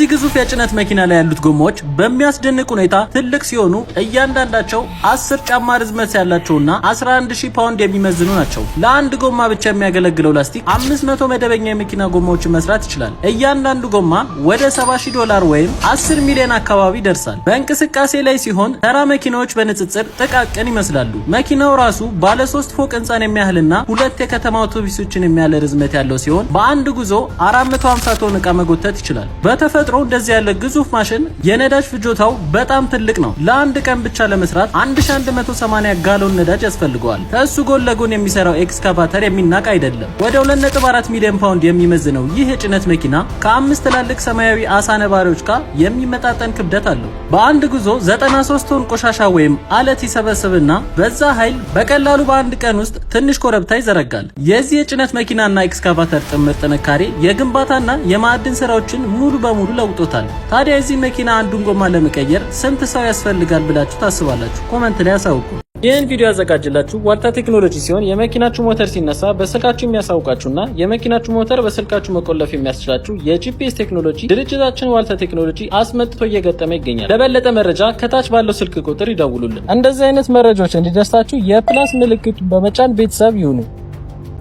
እዚህ ግዙፍ የጭነት መኪና ላይ ያሉት ጎማዎች በሚያስደንቅ ሁኔታ ትልቅ ሲሆኑ እያንዳንዳቸው አስር ጫማ ርዝመት ያላቸውና 11 ፓውንድ የሚመዝኑ ናቸው። ለአንድ ጎማ ብቻ የሚያገለግለው ላስቲክ 500 መደበኛ የመኪና ጎማዎችን መስራት ይችላል። እያንዳንዱ ጎማ ወደ 70000 ዶላር ወይም 10 ሚሊዮን አካባቢ ይደርሳል። በእንቅስቃሴ ላይ ሲሆን ተራ መኪናዎች በንጽጽር ጥቃቅን ይመስላሉ። መኪናው ራሱ ባለ 3 ፎቅ ህንፃን የሚያህልና ሁለት የከተማ አውቶቡሶችን የሚያለ ርዝመት ያለው ሲሆን በአንድ ጉዞ 450 ቶን ዕቃ መጎተት ይችላል። በተፈጥሮ እንደዚህ ያለ ግዙፍ ማሽን የነዳጅ ፍጆታው በጣም ትልቅ ነው። ለአንድ ቀን ብቻ ለመስራት 1180 ጋሎን ነዳጅ ያስፈልገዋል። ከእሱ ጎን ለጎን የሚሰራው ኤክስካቫተር የሚናቅ አይደለም። ወደ 2.4 ሚሊዮን ፓውንድ የሚመዝነው ይህ የጭነት መኪና ከአምስት ትላልቅ ሰማያዊ አሳ ነባሪዎች ጋር የሚመጣጠን ክብደት አለው። በአንድ ጉዞ 93 ቶን ቆሻሻ ወይም አለት ይሰበስብና በዛ ኃይል በቀላሉ በአንድ ቀን ውስጥ ትንሽ ኮረብታ ይዘረጋል። የዚህ የጭነት መኪናና ኤክስካቫተር ጥምር ጥንካሬ የግንባታና የማዕድን ስራዎችን ሙሉ በሙሉ ለውጦታል። ታዲያ የዚህ መኪና አንዱን ጎማ ለመቀየር ስንት ሰው ያስፈልጋል ብላችሁ ታስባላችሁ? ኮመንት ላይ አሳውቁ። ይህን ቪዲዮ ያዘጋጅላችሁ ዋልታ ቴክኖሎጂ ሲሆን የመኪናችሁ ሞተር ሲነሳ በስልካችሁ የሚያሳውቃችሁና የመኪናችሁ ሞተር በስልካችሁ መቆለፍ የሚያስችላችሁ የጂፒኤስ ቴክኖሎጂ ድርጅታችን ዋልታ ቴክኖሎጂ አስመጥቶ እየገጠመ ይገኛል። ለበለጠ መረጃ ከታች ባለው ስልክ ቁጥር ይደውሉልን። እንደዚህ አይነት መረጃዎች እንዲደርሳችሁ የፕላስ ምልክቱን በመጫን ቤተሰብ ይሁኑ።